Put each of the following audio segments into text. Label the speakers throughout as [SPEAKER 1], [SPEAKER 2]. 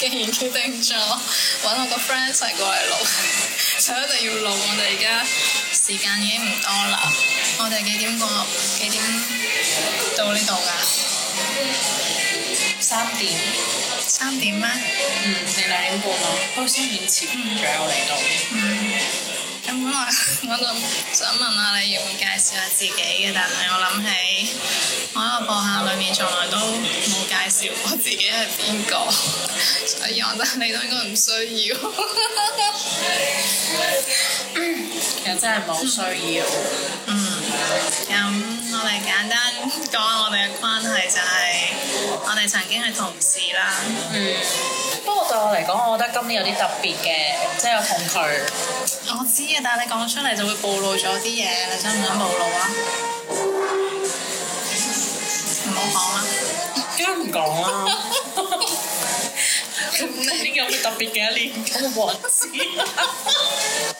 [SPEAKER 1] 既然決定咗，揾我個 friend 一齊過嚟錄，就 一定要錄。我哋而家時間已經唔多啦，我哋幾點過，幾點到呢度㗎？三點，三點咩？嗯，
[SPEAKER 2] 你晨兩點半咯，啊。開心面前仲有嚟到。嗯
[SPEAKER 1] 咁本來我就想問下你，要唔要介紹下自己嘅，但係我諗起我喺個播客裏面從來都冇介紹過我自己係邊個，所以我覺得你都應該唔需要， 其實真係冇需要。嗯。咁我哋簡單講下我哋嘅關係，就係我哋曾經係同事啦。嗯。
[SPEAKER 2] 對我嚟講，我覺得今年有啲特別嘅，即係有恐懼。我知啊，但係你講出
[SPEAKER 1] 嚟就會暴露咗啲
[SPEAKER 2] 嘢，你想唔想暴露啊？唔好講啦，梗係唔講啦。你有咩特別嘅一年終反思？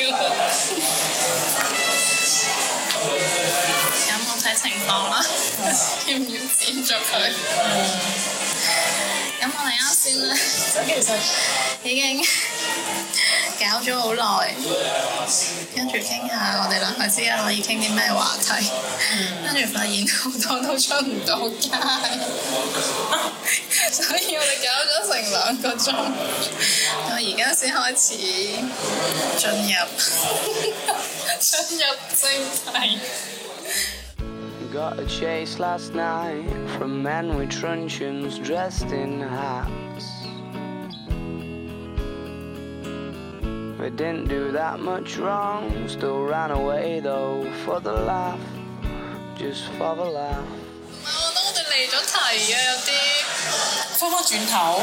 [SPEAKER 1] 有冇睇情況啦？ 要唔要剪咗佢？咁 我嚟啱算啦？已經實已經。 搞咗好耐，跟住傾下我哋兩個之間可以傾啲咩話題，跟住發現好多都出唔到
[SPEAKER 2] 街，
[SPEAKER 1] 所以我哋搞咗成兩個鐘，我而家先開始進入進入正題。我覺得離咗題啊，有啲翻翻轉頭，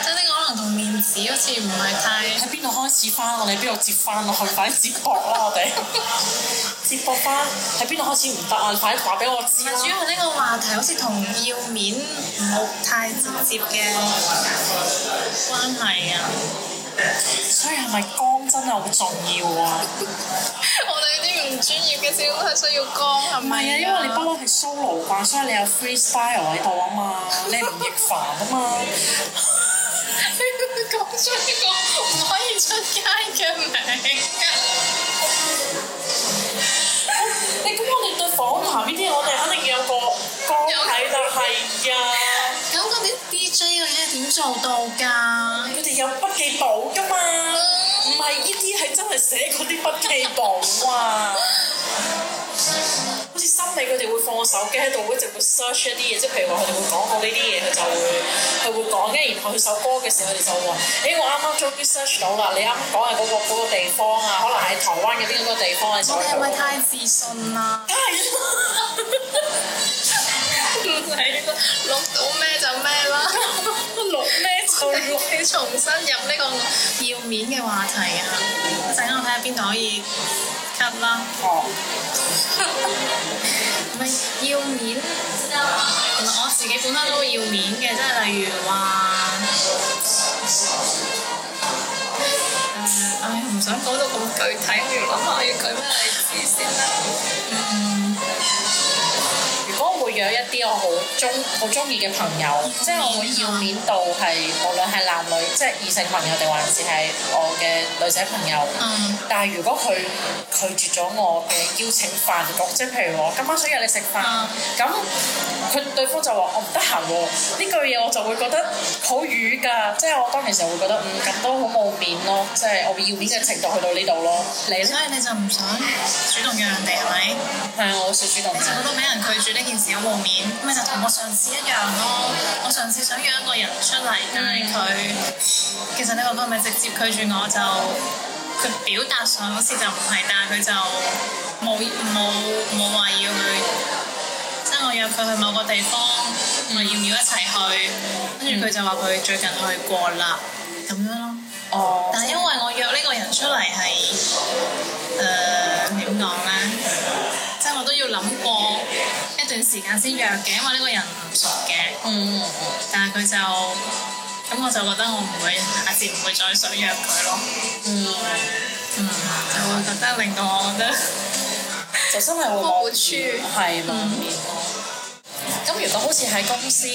[SPEAKER 1] 即係呢個
[SPEAKER 2] 可能
[SPEAKER 1] 同面子好似唔係
[SPEAKER 2] 太喺邊度開始翻？我哋喺邊度接翻落去，快啲接駁啦，我哋接駁翻喺邊度開始唔得啊？快啲話俾我知，主要呢個話題好似同要面唔好太直接嘅關係啊。所以係咪光真係好重要啊？
[SPEAKER 1] 我哋啲唔專業嘅始終係需要光係咪？唔係啊， 因為你不
[SPEAKER 2] 嬲係 solo 慣，所以你有 free style 喺度啊嘛，你唔易煩啊嘛。
[SPEAKER 1] 你講 出嚟講唔可以出街嘅名
[SPEAKER 2] 你咁我哋對房下呢啲，我哋肯定要有個光喺度係呀。 需要依啲點做到㗎？佢哋有筆記簿㗎嘛？唔係呢啲係真係寫嗰啲筆記簿啊。 好似心理佢哋會放個手機喺度，會一直會 search 一啲嘢，即係譬如話佢哋會講好呢啲嘢，佢就會佢會講跟住。然後佢首歌嘅時候，佢哋就話：哎、欸，我啱啱終於 search 到啦！你啱講係嗰個嗰個地方啊，可能喺台灣嘅邊一個地方嘅。咁你係咪太
[SPEAKER 1] 自信啦？
[SPEAKER 2] 梗係。
[SPEAKER 1] 睇錄到咩就咩啦。錄咩？就要重新入呢個要面嘅話題啊！等我睇下邊度可以 cut 啦。哦。唔係 要面？知原來我自己本身都要面嘅，即係例如話，唉、 呃，唔、哎、想講到咁具體，我要諗下我要舉咩例子先啦。
[SPEAKER 2] 嗯有一啲我好中好中意嘅朋友，嗯、即係我會要面到係、嗯、無論係男女，即係異性朋友定還是係我嘅女仔朋友。嗯、但係如果佢拒絕咗我嘅邀請飯局，即係譬如我今晚想約你食飯，咁佢、嗯、對方就、嗯、我話我唔得閒喎，呢句嘢我就會覺得好瘀㗎，即係我當其時會覺得嗯咁都好冇面咯，即係我會要面嘅程度去到呢度咯。所以你就唔想主動約人哋係咪？係，啊，我好少主動，你
[SPEAKER 1] 就覺得俾人拒絕呢件事，面咪就同我上次一樣咯，我上次想約一個人出嚟，但係佢其實呢個係咪直接拒絕我就，佢表達上好似就唔係，但係佢就冇冇冇話要去，即係我約佢去某個地方，我要唔要一齊去，跟住佢就話佢最近去過啦，咁樣咯。哦，但係因為我約呢個人出嚟係，誒點講咧，即係我都要諗過。段時間先約嘅，因為呢個人唔熟嘅。嗯，但係佢就咁，我就覺得我唔會，下次唔會再想約佢咯。嗯嗯，
[SPEAKER 2] 就會覺得令到我覺得，就真係係會冇。係，嗯。咁嗎、嗯、如果好似喺公司，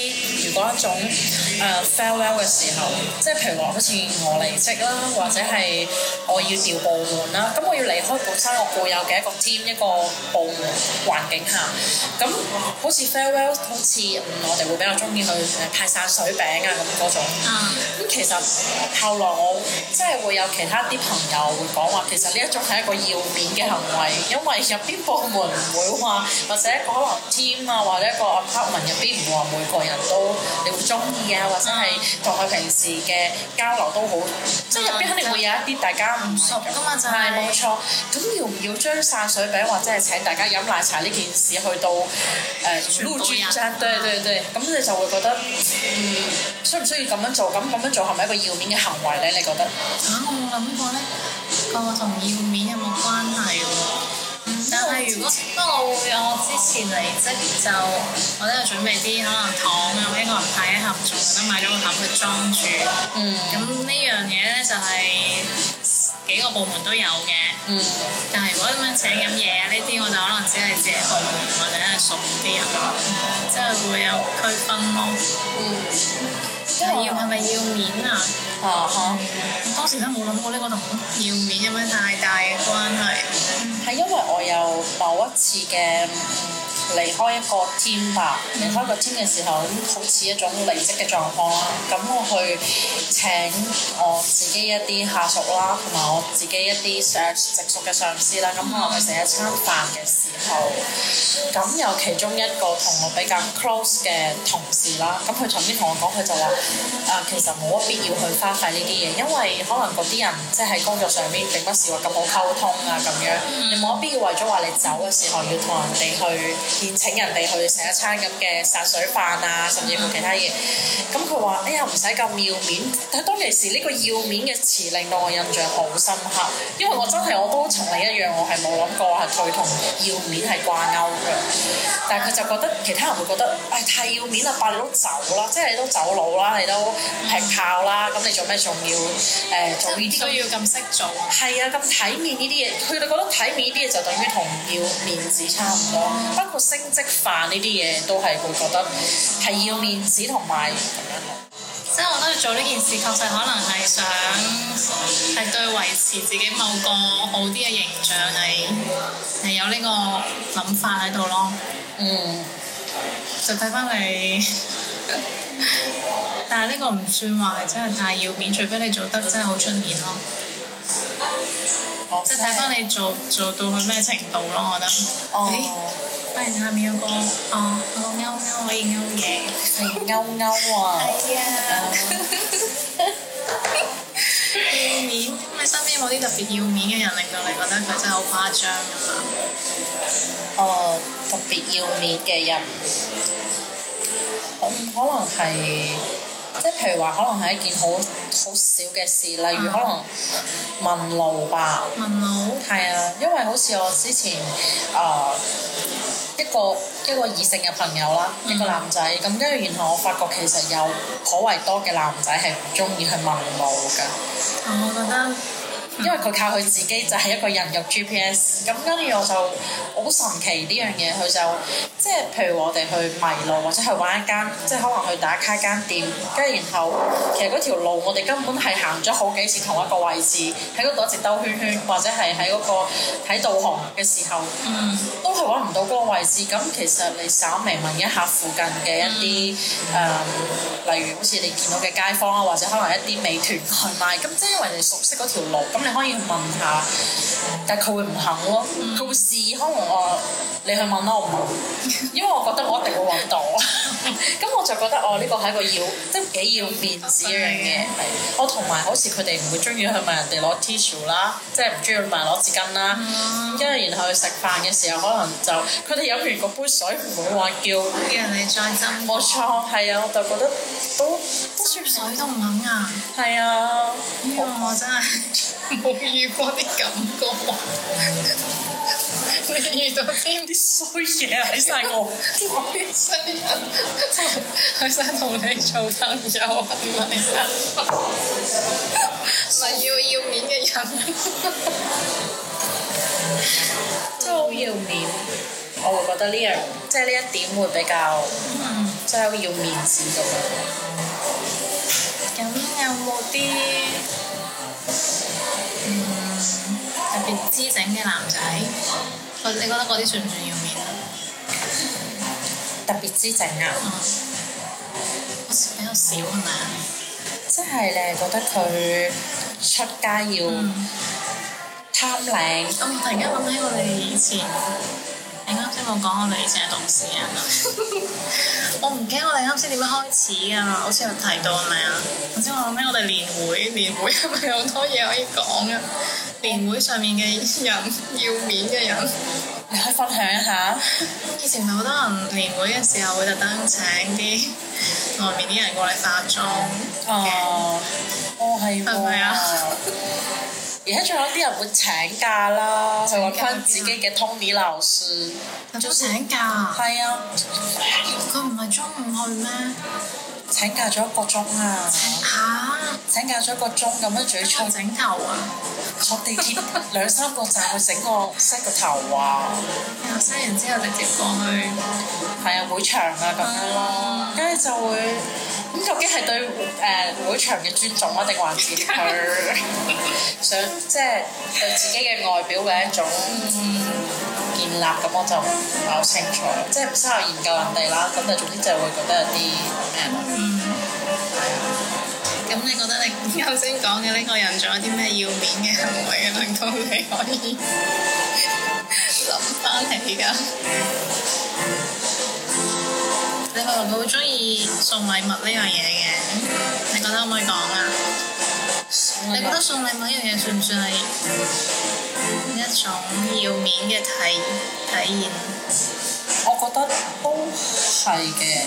[SPEAKER 2] 如果一種。誒、uh, farewell 嘅時候，即係譬如話好似我離職啦，或者係我要調部門啦，咁我要離開本身我固有嘅一個 team 一個部門環境下，咁好似 farewell，好似嗯我哋會比較中意去誒派散水餅啊，咁種種。咁其實後來我即係會有其他啲朋友會講話，其實呢一種係一個要面嘅行為，因為入邊部門唔會話或者可能 team 啊或者一個 apartment 入邊唔會話每個人都你會中意啊。或者係同佢平時嘅交流都好，嗯、即係入邊肯定會有一啲大家唔熟噶嘛，就係冇錯。咁要唔要將散水餅或者係請大家飲奶茶呢件事去到誒、呃、全公司？對對對，咁、嗯、你就會覺得嗯，需唔需要咁樣做？咁咁樣做係咪一個要面嘅行為咧？你覺得啊？我冇
[SPEAKER 1] 諗過咧，個同要面。係，但如果不過我會有，我之前嚟即係就我都有準備啲可能糖啊，一個人派一盒，所以我買咗個盒去裝住。裝嗯，咁呢樣嘢咧就係、是、幾個部門都有嘅。嗯，但係如果咁樣請飲嘢啊呢啲，我就可能只係謝部門或者係送啲人，即係會有區分咯。嗯。嗯即係要係咪、嗯、要面啊？哦，好、嗯。當時都冇諗過呢個同要面有
[SPEAKER 2] 咩太大嘅關係。係、嗯、因為我有某一次嘅。離開一個 team 吧，離開個 team 嘅時候，咁好似一種離職嘅狀況啦。咁我去請我自己一啲下屬啦，同埋我自己一啲誒直屬嘅上司啦。咁可能去食一餐飯嘅時候，咁有其中一個同我比較 close 嘅同事啦，咁佢上面同我講，佢就話：誒、呃、其實冇乜必要去花費呢啲嘢，因為可能嗰啲人即係工作上面並不是話咁好溝通啊咁樣，你冇乜必要為咗話你走嘅時候要同人哋去。宴請人哋去食一餐咁嘅散水飯啊，甚至乎其他嘢。咁佢話：哎呀，唔使咁要面。但係當其時呢個要面嘅詞令，令到我印象好深刻，因為我真係我都同你一樣，我係冇諗過係佢同要面係掛鈎嘅。但係佢就覺得其他人會覺得，誒、哎、太要面啦，快，你都走啦，mm hmm. 即係你都走佬啦，你都劈炮啦，咁你做咩仲要誒、呃、做呢啲咁？都要咁識做。係啊，咁體面呢啲嘢，佢哋覺得體面呢啲嘢就等於同要面子差唔多，包括、mm。Hmm. 升職飯呢啲嘢都係會覺得係要面子同埋咁樣
[SPEAKER 1] 咯。即係我覺得做呢件事確實可能
[SPEAKER 2] 係想係對維持自己某
[SPEAKER 1] 個好啲嘅形象係係有呢個諗法喺度咯。嗯，就睇翻你， 但係呢個唔算話係真係太要面，除非你做得真係好出面咯。即係睇翻你做做到去咩程度咯，我覺得。哦欸下面有個，可以勾歌？哦，勾勾 啊，咩啊，要面？咁你身邊有冇啲特別要面嘅人，令到你覺得佢真係好誇張㗎
[SPEAKER 2] 嘛？哦，特別要面嘅人，可可能係。即係譬如話，可能係一件好好少嘅事，例如可能問路吧。問路。係啊，因為好似我之前啊、呃、一個一個異性嘅朋友啦，嗯、一個男仔咁，跟住然後我發覺其實有頗為多嘅男仔係唔中意去問路㗎。我覺得。因為佢靠佢自己就係一個人肉 GPS，咁跟住我就好神奇呢樣嘢，佢就即係譬如我哋去迷路或者去玩一間，即係可能去打卡一間店，跟住然後其實條路我哋根本係行咗好幾次同一個位置，喺度一直兜圈圈，或者係喺嗰個，喺導航嘅時候，嗯、都係揾唔到個位置。咁其實你稍微問一下附近嘅一啲誒、嗯嗯、例如好似你見到嘅街坊啊或者可能一啲美團外賣咁，即係因為你熟悉條路咁。你可以問下，但係佢會唔肯咯。佢、嗯、會試，可能我你去問啦，我唔問，因為我覺得我一定會揾到。 咁、 嗯、我就覺得，哦，呢個係一個要，即係幾要面子一樣嘢。嗯嗯、我同埋好似佢哋唔會中意去問人哋攞 tissue 啦，即係唔中意問人攞紙巾啦。跟住、嗯，然後去食飯嘅時候，可能就佢哋飲完嗰杯水唔會話叫，叫人哋再斟。冇錯，係啊，我就覺得都，都
[SPEAKER 1] 接水都唔肯啊。係啊，我，我真係冇遇過啲感覺。 你遇到啲啲衰嘢啊！你 想壞 我做啲衰嘢，你想同你做朋友唔係？唔係要要面嘅
[SPEAKER 2] 人，真係好要面。我會覺得呢、這、樣、個、即係呢一點會比較即係要面子咁。
[SPEAKER 1] 咁、mm. 有冇啲、嗯、特別姿整嘅男仔？你覺得嗰啲算唔算要面
[SPEAKER 2] 子啊？特別姿整啊！嗯，比較少係咪啊？即係你係覺得佢出街要貪靚？咁、嗯、top length, 突然間諗起我哋以前，嗯、你啱先冇講我哋以前係
[SPEAKER 1] 同事啊！ 我唔記得我哋啱先點樣開始啊？好似有提到係咪啊？頭先我諗起我哋年會，年會係咪 有好多嘢可以講啊？年會上面嘅人要面嘅人，你可以分享一下。 以前好多人年會嘅時候會特登請啲外面啲人過嚟化妝。
[SPEAKER 2] 哦，嗯、哦係。係咪啊？而家仲有啲人會請假啦， 就揾翻自己嘅 Tony 老師。仲請假？係啊。佢唔係中午去咩？請假咗一個鐘啊！嚇、啊！請假咗一個鐘咁樣，仲要坐整頭啊！坐地鐵 兩三個站去整個洗個頭啊！洗完之後直接過去，係啊，會場啊咁樣咯、啊，跟住、嗯、就會咁究竟係對誒、呃、會場嘅尊重啊，定還是佢 想即係、就是、對自己嘅外表嘅一種？嗯嗯建立咁我就唔係好清楚，即係唔適合研究人哋啦。咁但係總之就會覺得有
[SPEAKER 1] 啲咩問題。係啊。咁你覺得你啱先講嘅呢個人仲有啲咩要面嘅行為嘅令到你可以諗翻起㗎？ 你話佢好中意送禮物呢樣嘢嘅，你覺得可唔可以講啊？你覺得送禮物一樣嘢算唔算係一種要面嘅體體驗？我覺得都係嘅，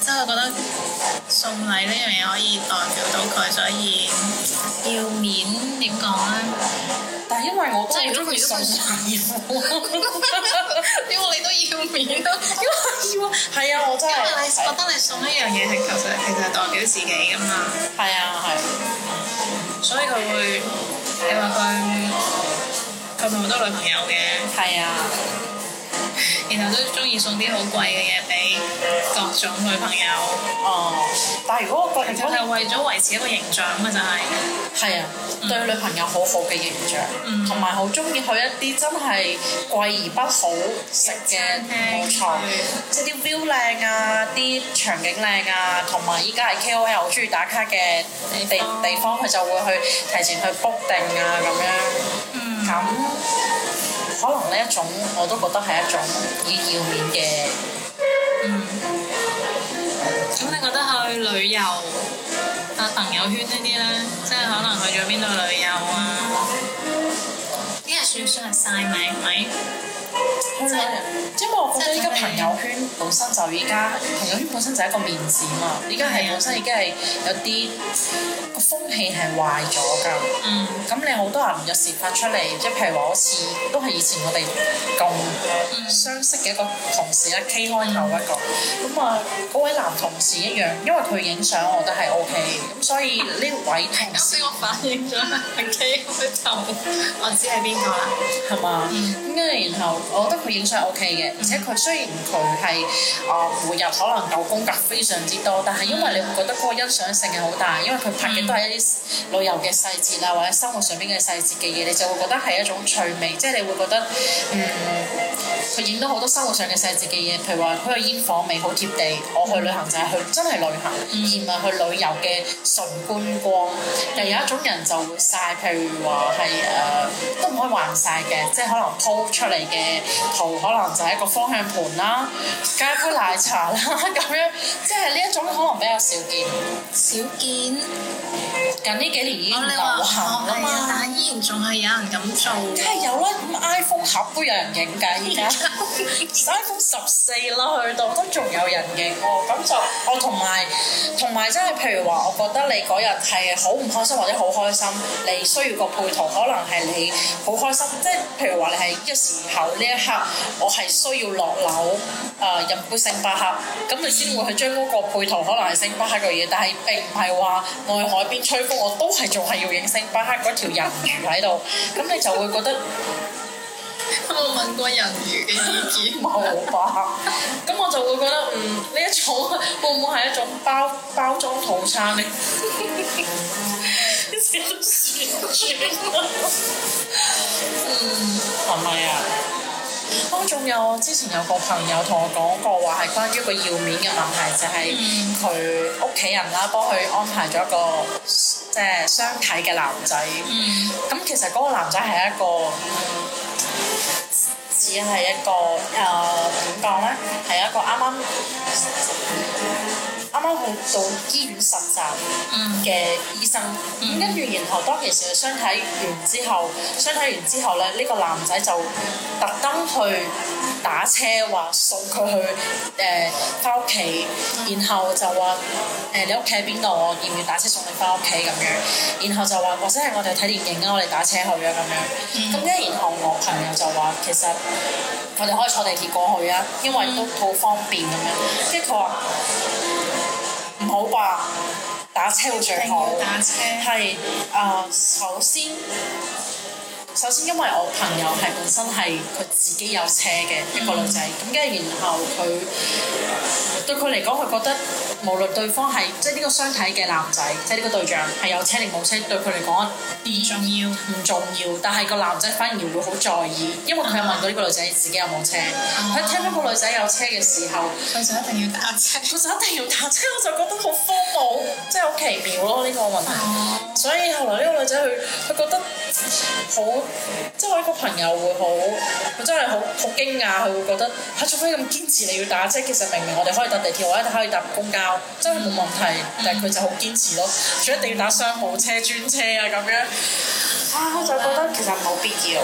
[SPEAKER 1] 即係我覺得送禮呢樣嘢可以代表到佢，所以要面點講咧？但係因為我都好中意送禮物，要 你都要面， 因為你要啊， 係啊，我真係因為你覺得你送一樣嘢係其實其實代表自己噶嘛？係啊，係。所以佢會，你話佢佢同好多女朋友嘅。係啊。然後都中意送啲好貴嘅嘢俾各種女朋友。哦、嗯！但係如果個就係
[SPEAKER 2] 為咗維持一個形象咁啊，就係、是、係、嗯、啊，對女朋友好好嘅形象，同埋好中意去一啲真係貴而不好食嘅，冇錯，即係啲 view 靚啊，啲場景靚啊，同埋依家係 K O L 好中意打卡嘅地地方，佢就會去提前去 book 定啊咁樣。嗯。咁。可能呢一種我都覺得係一種要要面嘅，
[SPEAKER 1] 嗯。
[SPEAKER 2] 咁你覺得去旅遊、
[SPEAKER 1] 發朋友圈呢啲咧，即係可能去咗邊度旅遊啊？
[SPEAKER 2] 呢
[SPEAKER 1] 日、欸、算唔算係曬命？係咪？
[SPEAKER 2] 係咯，因為我覺得依家朋友圈本身就依家朋友圈本身就係一個面子嘛，依家係本身已經係有啲個風氣係壞咗㗎。嗯，咁你好多人有時發出嚟，即係譬如話，好似都係以前我哋咁相識嘅一個同事咧、嗯、K 開頭一個，咁啊嗰位男同事一樣，因為佢影相，我覺得係 O K。咁所以呢位同事，我反應咗 k 開頭，我知係邊個啦，係嘛？嗯，跟住然後。我覺得佢影相 O K 嘅，而且佢雖然佢係啊，會、呃、入可能九宮格非常之多，但係因為你會覺得嗰個欣賞性係好大，因為佢拍嘅都係一啲旅遊嘅細節啊，或者生活上邊嘅細節嘅嘢，你就會覺得係一種趣味，即係你會覺得嗯，佢影到好多生活上嘅細節嘅嘢，譬如話佢個煙火味好貼地，我去旅行就係去真係旅行，而唔係去旅遊嘅純觀光。又有一種人就會曬，譬如話係誒都唔可以還曬嘅，即係可能 po 出嚟嘅。圖可能就係一個方向盤啦，加一杯奶茶啦，咁樣即係呢一種可能比較少見，少見。近呢幾年已經流行啊嘛，了但係依然仲係有人咁做。梗係有啦，咁 iPhone 盒都有人影㗎，而家 iPhone 十四啦去到都仲有人影喎，咁就我同埋同埋即係譬如話，我覺得你嗰日係好唔開心或者好開心，你需要個配圖，可能係你好開心，即係譬如話你係呢個時候。呢一刻我係需要落樓啊飲杯星巴克，咁你先會去將嗰個配套可能係星巴克嘅嘢。但係並唔係話我去海邊吹風，我都係仲係要影星巴克嗰條人魚喺度，咁 你就會覺得我問過人魚嘅意見冇吧？咁、 嗯、我就會覺得嗯，呢一種會唔會係一種包包裝套餐呢？小成日嗯，係咪啊？ 當仲、哦、有之前有個朋友同我講過話，係關於個要面嘅問題，就係佢屋企人啦幫佢安排咗一個即係相睇嘅男仔。咁、嗯、其實嗰個男仔係一個、嗯、只係一個誒，點講咧？係一個啱啱。嗯啱去到醫院實習嘅醫生，咁跟住然後當其時去相睇完之後，相睇完之後咧，呢、呢個男仔就特登去打車，話送佢去誒返屋企，然後就話誒、呃、你屋企喺邊度？我要唔要打車送你返屋企咁樣？然後就話或者係我哋睇電影啊，我哋打車去啊咁樣。咁跟、嗯、然後我朋友就話，其實我哋可以坐地鐵過去啊，因為都好方便咁樣。即係佢話。唔好吧，打車會最好。打車。係，啊、呃，首先。首先，因為我朋友係本身係佢自己有車嘅一、個女仔，咁跟住然後佢對佢嚟講，佢覺得無論對方係即係呢個相睇嘅男仔，即係呢個對象係有車定冇車對佢嚟講唔重要。唔、嗯、重要，但係個男仔反而會好在意，因為佢問過呢個女仔自己有冇車，佢、啊、聽到個女仔有車嘅時候，佢、啊、就一定要搭車，佢就一定要搭車，我就覺得好慌。好，即係好奇妙咯呢個問題，oh. 所以後來呢個女仔佢，佢覺得好，即係我一個朋友會好，佢真係好好驚訝，佢會覺得嚇，除非咁堅持你要打車，其實明明我哋可以搭地鐵，或者可以搭公交，真係冇問題，mm. 但係佢就好堅持咯，仲一定要打商務車、專車啊咁樣，的啊，我就覺得其實冇必要，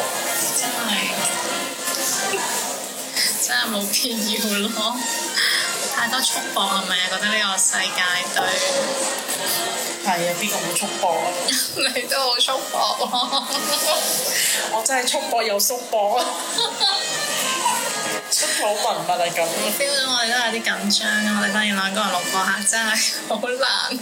[SPEAKER 1] 真係的 真係冇必要咯。太多束縛係咪啊？覺得呢個世界對
[SPEAKER 2] 係啊！邊個冇束縛啊？你都好束縛我真係束縛又縮縛啊！出土文物係咁。
[SPEAKER 1] 標姐，我哋都有啲緊張啊！我哋發現兩個人錄播客真係好難。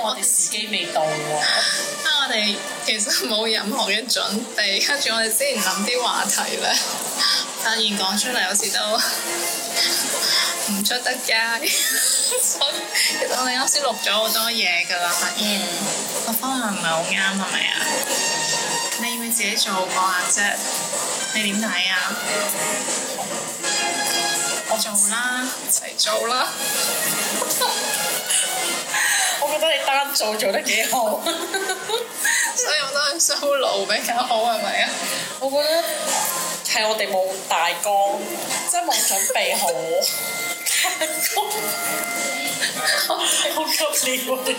[SPEAKER 1] 我哋時機未到
[SPEAKER 2] 喎。
[SPEAKER 1] 啊！我哋其實冇任何嘅準備，跟住我哋之前諗啲話題咧，發現講出嚟有時都～ 唔出得街， 所以其實我哋啱先錄咗好多嘢㗎啦。嗯，個方案唔係好啱係咪啊？你要唔要自己做個阿啫，你點睇啊？ 我做啦，一齊做啦。 我覺得你單做
[SPEAKER 2] 做得幾好， 所以我覺得 solo 比較好係咪啊？是是 我覺得係我哋冇大綱，即係冇準備好。 好，好急激烈喎，
[SPEAKER 1] 條真係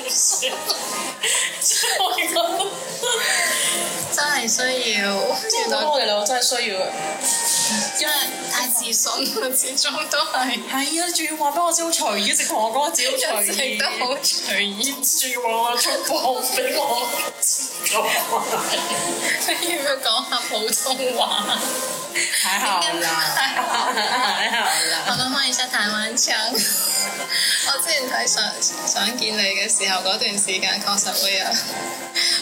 [SPEAKER 1] 覺得真係需要。啊、我哋兩個
[SPEAKER 2] 真係需要，因為太自信啊，始終都係。係啊但，仲、哎、要話俾我知好隨意，一直同我講我好隨意，仲要話話祝福俾我。
[SPEAKER 1] 你 要唔要講下普通話？ 還好啦， 還好啦。 我講翻一下台灣腔。 我之前睇想想見你嘅時候嗰段時間，確實會有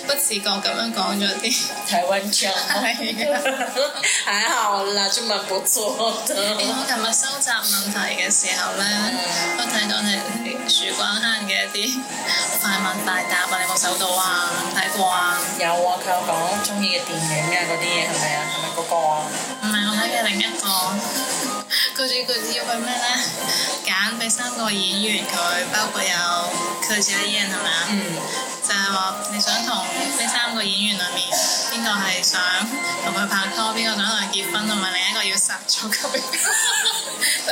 [SPEAKER 1] 不自覺咁樣講咗啲台灣腔。係 還好啦，中文不錯。 我琴日收集問題嘅時候咧，嗯、我睇到你樹冠坑嘅一啲快問快
[SPEAKER 2] 答。有有啊！你有冇收到啊？睇過啊？ 有啊，佢有講中意嘅電影啊，嗰啲嘢係咪啊？係咪嗰個啊？唔係，我睇嘅另一個，
[SPEAKER 1] 佢主要佢係咩咧？揀俾三個演員佢，包括有佢就係啲人係嘛？嗯。就係話你想同呢三個演員裏面邊個係想同佢拍拖，邊個想同佢結婚，同埋另一個要殺咗佢，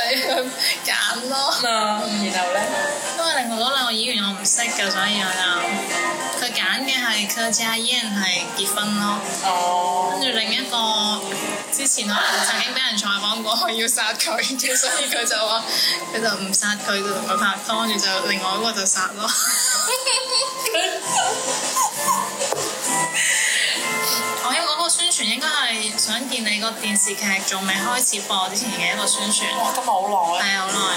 [SPEAKER 1] 就佢揀咯。No, 然後咧，因為另外嗰兩個演員我唔識㗎，所以我就佢揀嘅係柯佳嬿係結婚咯。哦，跟住另一個之前我曾經俾人採訪過要殺佢，所以佢就話佢就唔殺佢，佢同佢拍拖，跟住就另外一個就殺咯。 我應嗰個宣傳應該係想見你個電視劇仲未開始播之前嘅一個宣傳。哇，今日好耐，係好耐。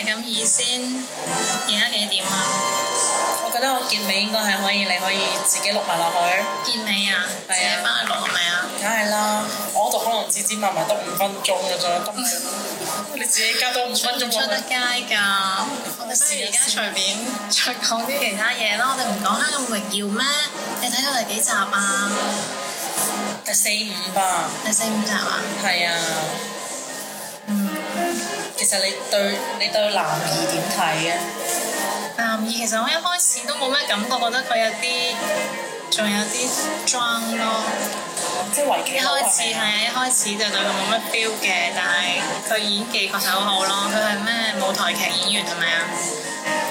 [SPEAKER 1] 係咁易先？而家幾點啊？
[SPEAKER 2] 我覺得我結尾應該係可以，你可以自己錄埋落去。結尾啊？係啊，翻去錄係咪啊？梗係啦，我度可能指指密密得五分鐘嘅，啫。有 你自己
[SPEAKER 1] 加多五分鐘我出得街㗎。 我哋不如而家隨便再講啲其他嘢啦， 我哋唔講《黑暗榮耀》咩？你睇到第幾集啊？第四
[SPEAKER 2] 五吧。第四五集啊？係啊。嗯。其實你對你對男二點睇嘅？男二其
[SPEAKER 1] 實我一開始都冇咩感覺，覺得佢有啲，仲有啲裝咯，即係為劇一開始係啊，嗯、一開始就對佢冇乜 feel 嘅，但係佢演技確實好好咯。佢係咩舞台劇演員係咪啊？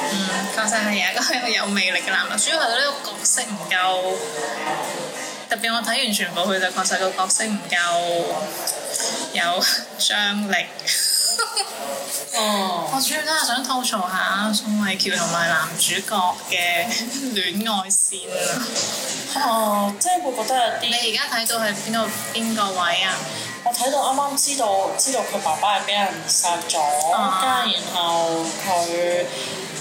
[SPEAKER 1] 嗯，確實係有一個有魅力嘅男六，主要係佢呢個角色唔夠，特別我睇完全部佢就確實個角色唔夠有張力。哦，oh. 我主要真係想吐槽下宋慧喬同埋男主角嘅戀 愛線啊。哦， oh,
[SPEAKER 2] 即係會覺得有啲。你而家睇到係邊個邊個位啊？我睇到啱啱知道知道佢爸爸係俾人殺咗，oh. 然後佢。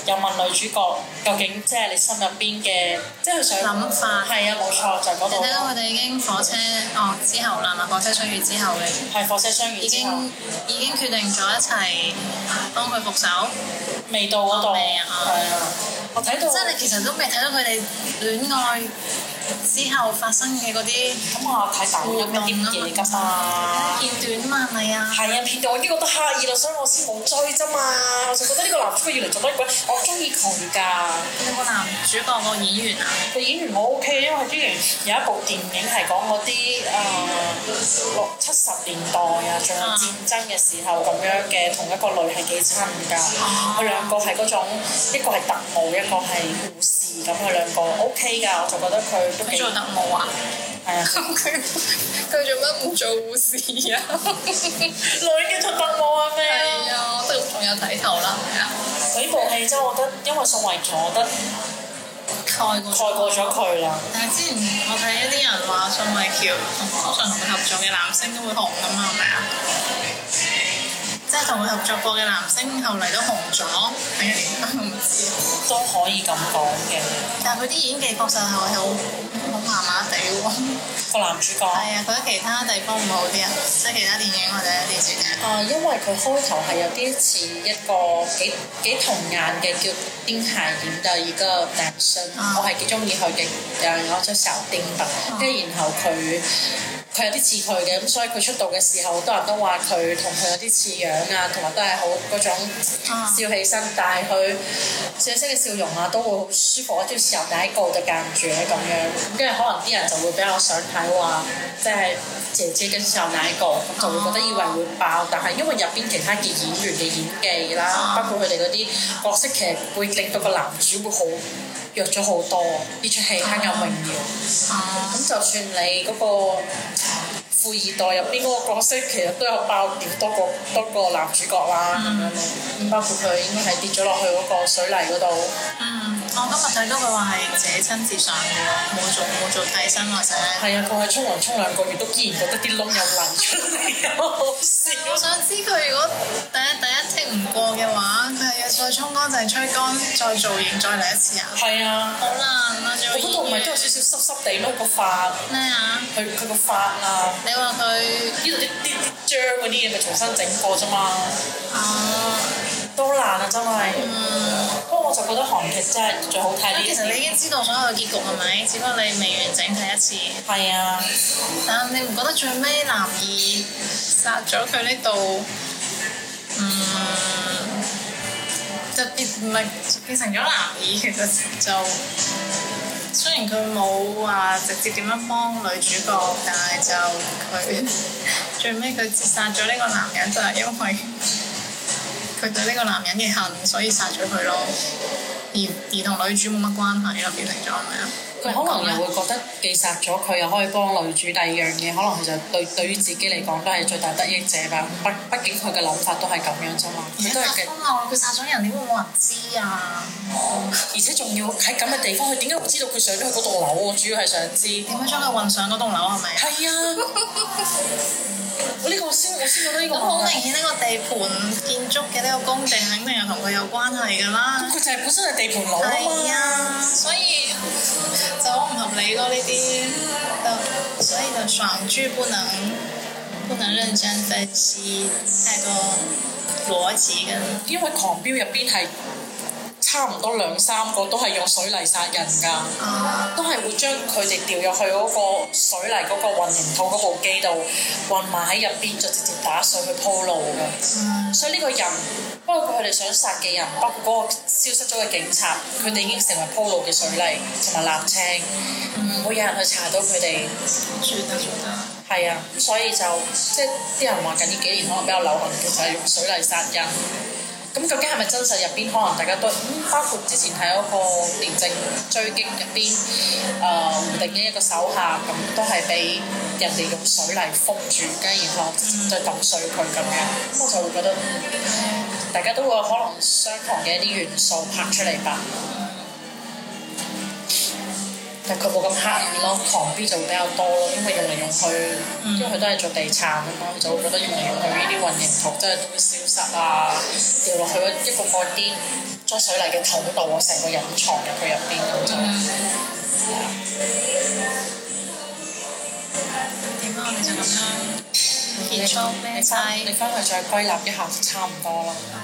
[SPEAKER 2] 又問女主角究竟即係你心入邊嘅，即係想諗法，係啊對，冇錯就係嗰度。你睇到佢哋已經火車哦之後啦嘛，火車相遇之後嘅，係火車相遇，已經已經決定咗一齊
[SPEAKER 1] 幫佢復仇，未到嗰度，係啊，我睇到即係你其實都
[SPEAKER 2] 未睇到佢哋戀愛。之後發生嘅嗰啲，咁我睇大部分啲嘢㗎嘛，片段嘛。係啊，係啊，片段，我已經覺得刻意啦，所以我先冇追啫嘛，我就覺得呢個，個男主角嚟來做得鬼，我中意佢㗎。個男主角個演員啊？個演員我 O K，因為之前有一部電影係講嗰啲誒六七十年代啊，仲有戰爭嘅時候咁樣嘅，啊、同一個女係幾襯㗎，佢、啊、兩個係嗰種一個係特務，一個係。嗯咁佢兩個 OK 㗎，我就覺得佢做特務啊，係、嗯、 啊，佢佢做乜唔做護士啊？女嘅特、特務啊咩
[SPEAKER 1] 啊？係啊，都仲有睇頭啦，
[SPEAKER 2] 係啊。呢部戲真係我覺得，因為宋慧喬，我覺得
[SPEAKER 1] 蓋過蓋過咗佢啦。但係之前我睇一啲人話宋慧喬，通常同佢合作嘅男星都會紅㗎嘛，係咪啊？即係同佢合作過嘅男星，後嚟都紅咗。唔知都可以咁講嘅。但係佢啲演技確實係好好，麻麻地喎。個男主角係啊，覺得其他地方唔好啲啊，即係其他電影
[SPEAKER 2] 或者電視劇。哦、啊，因為佢開頭係有啲似一個幾幾童顏嘅叫丁霞演嘅一個男星，啊，我係幾中意佢嘅，誒我叫小丁丁，跟住然後佢。佢有啲似佢嘅，咁所以佢出道嘅時候，好多人都話佢同佢有啲似樣啊，同埋都係好嗰種笑起身，但係佢笑聲嘅笑，笑容啊，都會好舒服一啲時候第一個就間住咁樣，咁跟住可能啲人就會比較想睇話，即係、就是、姐姐嘅時候第一個，就會覺得以為會爆，但係因為入邊其他嘅演員嘅演技啦，包括佢哋嗰啲角色其實，會令到個男主會好。弱咗好多，呢出戲黑暗榮耀。咁、啊啊、就算你嗰個富二代入邊嗰個角色，其實都有爆點，多個多個男主角啦咁、嗯、樣咯。包括佢應該係跌咗落去嗰個水泥嗰度。
[SPEAKER 1] 嗯，
[SPEAKER 2] 我今日睇到佢話係自己親自上嘅，冇做冇做，做替身或者。係啊，佢係沖涼沖兩個月都依然覺得啲窿有流
[SPEAKER 1] 出嚟， 好笑。我想知佢。如果……再沖乾淨、吹乾、再造型、再嚟一次啊！係啊，好難。我
[SPEAKER 2] 覺得呢度唔係都有少少濕濕地碌個髮咩啊？佢佢個髮啊！你話佢呢度啲啲啲漿嗰啲嘢，咪重新整過啫嘛？啊，都難啊，真係。嗯、不過我就覺得韓劇真係最好睇啲。其實你已經知道所有
[SPEAKER 1] 嘅結局係咪？只不過你未完整睇一次。係啊。但你唔覺得最尾男二殺咗佢呢度？嗯。就別變成咗男二，其實就、嗯、雖然佢冇話直接點樣幫女主角，但係就佢、嗯、最尾佢殺咗呢個男人就係、是、因為佢對呢個男人嘅恨，所以殺咗佢咯。而同女主冇乜關係咯，變嚟
[SPEAKER 2] 咗係咪啊？佢可能又會覺得既殺咗佢又可以幫女主第二樣嘢，可能其實對對於自己嚟講都係最大得益者吧。畢竟佢嘅諗法都係咁樣啫嘛。佢都係，佢殺咗人點會冇人知啊、哦？而且仲要喺咁嘅地方，佢點解會知道佢上咗去嗰棟樓，我？主要係想知點樣將佢運上嗰棟樓係咪啊？係啊！
[SPEAKER 1] 我呢個先，我先覺得呢個好明顯，呢個地盤建築嘅呢個工地肯定係同佢有關係噶啦。佢就係本身係地盤佬啊，係啊，所以就好唔合理咯呢啲。就所以就爽劇
[SPEAKER 2] 不能不能，認真分析那個裸字嘅。因為狂飆入邊係。差唔多兩三個都係用水泥殺人㗎，啊、都係會將佢哋掉入去嗰個水泥嗰個混凝土嗰部機度混埋喺入邊，就直接打碎去鋪路㗎。嗯、所以呢個人，人，包括佢哋想殺嘅人，包括嗰個消失咗嘅警察，佢哋、嗯、已經成為鋪路嘅水泥同埋瀝青，唔、嗯、會有人去查到佢哋。算係啊，所以就即係啲人話緊呢幾年可能比較流行，嘅，就係、是、用水泥殺人。咁究竟係咪真實入邊？可能大家都包括之前喺嗰個正《廉政追擊》入邊，誒胡定欣一個手下咁，都係俾人哋用水泥覆住，跟住然後再打碎佢咁樣。咁我就會覺得，大家都會可能相同嘅一啲元素拍出嚟吧。但佢冇咁刻意咯，狂飆就會比較多咯，因為用嚟用去，因為佢都係做地產咁嘛，嗯、就會覺得用嚟用去呢啲混凝土真係都會消失啊，掉落去一個個啲裝水泥嘅桶度，成個人藏入去入邊咁就係。點啦、嗯 Yeah. 啊。你翻去再歸納一下就差唔多啦。